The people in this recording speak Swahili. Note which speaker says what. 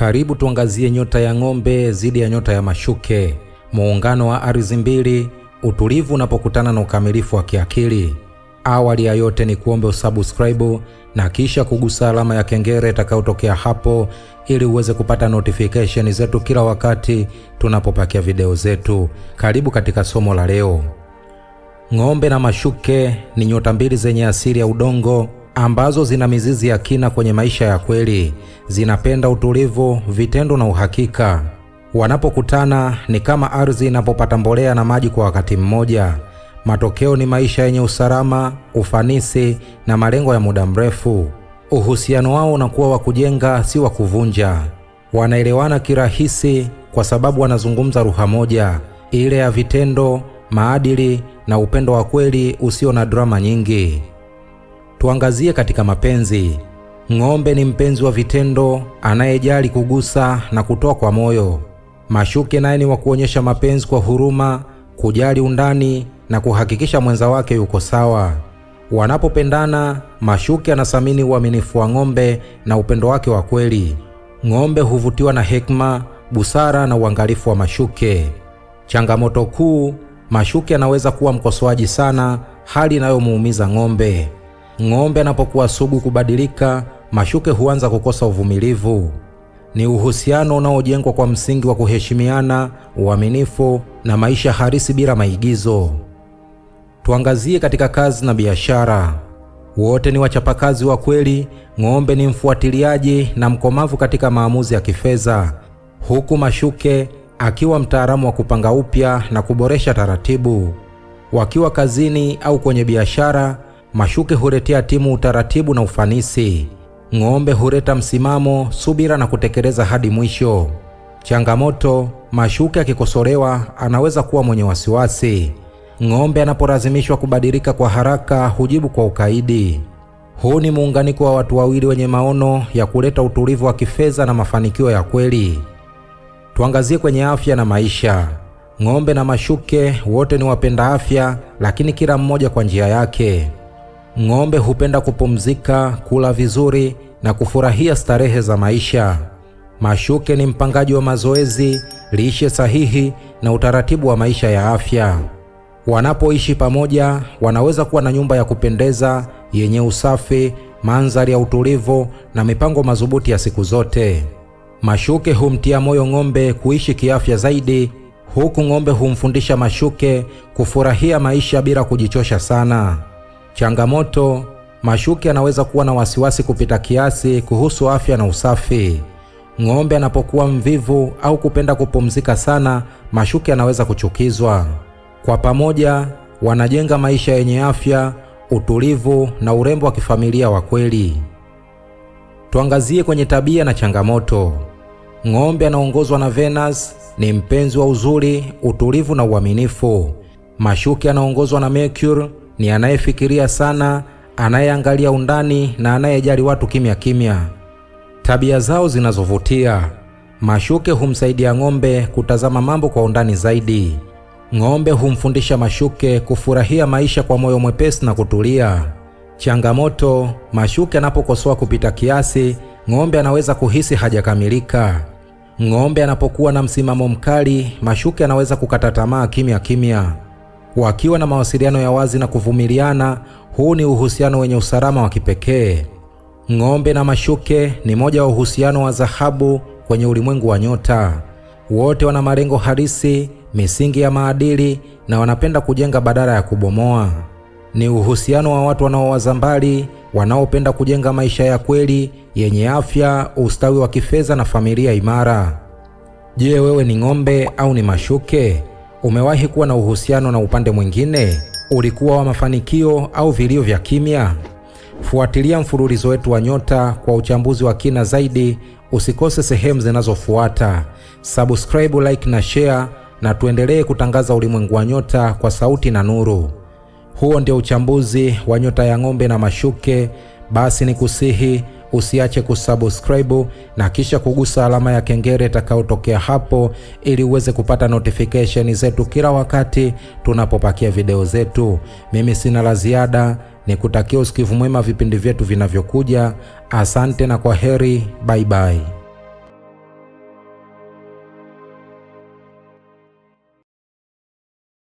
Speaker 1: Karibu tuangazie nyota ya ng'ombe zidi ya nyota ya mashuke, muungano wa ardhi mbili, utulivu unapokutana na ukamilifu wa kiakili. Awali ya yote ni kuombe usubscribe na kisha kugusa alama ya kengele itakayotokea hapo ili uweze kupata notification zetu kila wakati tunapopakia video zetu. Karibu katika somo la leo. Ng'ombe na mashuke ni nyota mbili zenye asili ya udongo ambazo zina mizizi ya kina kwenye maisha ya kweli, zinapenda utulivu, vitendo na uhakika. Wanapokutana ni kama ardhi inapopata mbolea na maji kwa wakati mmoja. Matokeo ni maisha yenye usalama, ufanisi na malengo ya muda mrefu. Uhusiano wao unakuwa wa kujenga, si wa kuvunja. Wanaelewana kirahisi kwa sababu wanazungumza lugha moja, ile ya vitendo, maadili na upendo wa kweli usio na drama nyingi tuangazie katika mapenzi. Ng'ombe ni mpenzi wa vitendo, anayejali kugusa na kutoa kwa moyo. Mashuke naye ni wa kuonyesha mapenzi kwa huruma, kujali undani na kuhakikisha mwenza wake yuko sawa. Wanapopendana, Mashuke anathamini uaminifu wa ng'ombe na upendo wake wa kweli. Ng'ombe huvutiwa na hekima, busara na uangalifu wa Mashuke. Changamoto kuu, Mashuke anaweza kuwa mkosoaji sana, hali inayomuumiza ng'ombe. Ng'ombe anapokuwa sugu kubadilika, mashuke huanza kukosa uvumilivu. Ni uhusiano unaojengwa kwa msingi wa kuheshimiana, uaminifu na maisha halisi bila maigizo. Tuangazie katika kazi na biashara. Wote ni wachapakazi wa kweli, ng'ombe ni mfuatiliaji na mkomavu katika maamuzi ya kifedha, huku mashuke akiwa mtaalamu wa kupanga upya na kuboresha taratibu. Wakiwa kazini au kwenye biashara Mashuke huletea timu utaratibu na ufanisi. Ng'ombe huleta msimamo, subira na kutekeleza hadi mwisho. Changamoto: Mashuke akikosolewa anaweza kuwa mwenye wasiwasi. Ng'ombe anapolazimishwa kubadilika kwa haraka hujibu kwa ukaidi. Huu ni muunganiko wa watu wawili wenye maono ya kuleta utulivu wa kifedha na mafanikio ya kweli. Tuangazie kwenye afya na maisha. Ng'ombe na Mashuke wote ni wapenda afya, lakini kila mmoja kwa njia yake. Ng'ombe hupenda kupumzika, kula vizuri na kufurahia starehe za maisha. Mashuke ni mpangaji wa mazoezi, lishe sahihi na utaratibu wa maisha ya afya. Wanapoishi pamoja, wanaweza kuwa na nyumba ya kupendeza yenye usafi, mandhari ya utulivu na mipango madhubuti ya siku zote. Mashuke humtia moyo ng'ombe kuishi kiafya zaidi, huku ng'ombe humfundisha mashuke kufurahia maisha bila kujichosha sana. Changamoto: mashuke anaweza kuwa na wasiwasi kupita kiasi kuhusu afya na usafi. Ng'ombe anapokuwa mvivu au kupenda kupumzika sana, mashuke anaweza kuchukizwa. Kwa pamoja wanajenga maisha yenye afya, utulivu na urembo wa kifamilia wa kweli. Tuangazie kwenye tabia na changamoto. Ng'ombe anaongozwa na Venus, ni mpenzi wa uzuri, utulivu na uaminifu. Mashuke anaongozwa na Mercury, ni anayefikiria sana, anayeangalia undani na anayejali watu kimya kimya. Tabia zao zinazovutia. Mashuke humsaidia ng'ombe kutazama mambo kwa undani zaidi. Ng'ombe humfundisha mashuke kufurahia maisha kwa moyo mwepesi na kutulia. Changamoto: mashuke anapokosoa kupita kiasi, ng'ombe anaweza kuhisi hajakamilika. Ng'ombe anapokuwa na msimamo mkali, mashuke anaweza kukata tamaa kimya kimya. Wakiwa na mawasiliano ya wazi na kuvumiliana, huu ni uhusiano wenye usalama wa kipekee. Ng'ombe na mashuke ni moja wa uhusiano wa dhahabu kwenye ulimwengu wa nyota. Wote wana malengo halisi, misingi ya maadili, na wanapenda kujenga badala ya kubomoa. Ni uhusiano wa watu wanaowaza mbali, wanaopenda kujenga maisha ya kweli yenye afya, ustawi wa kifedha na familia imara. Je, wewe ni ng'ombe au ni mashuke? Umewahi kuwa na uhusiano na upande mwingine? Ulikuwa wa mafanikio au vilio vya kimya? Fuatilia mfululizo wetu wa nyota kwa uchambuzi wa kina zaidi. Usikose sehemu zinazofuata. Subscribe, like na share, na tuendelee kutangaza ulimwengu wa nyota kwa sauti na nuru. Huo ndio uchambuzi wa nyota ya ng'ombe na mashuke. Basi ni kusihi usiache kusubscribe na kisha kugusa alama ya kengele itakayotokea hapo, ili uweze kupata notification zetu kila wakati tunapopakia video zetu. Mimi sina la ziada, nikutakia usikivu mwema vipindi vyetu vinavyokuja. Asante na kwa heri, bye bye.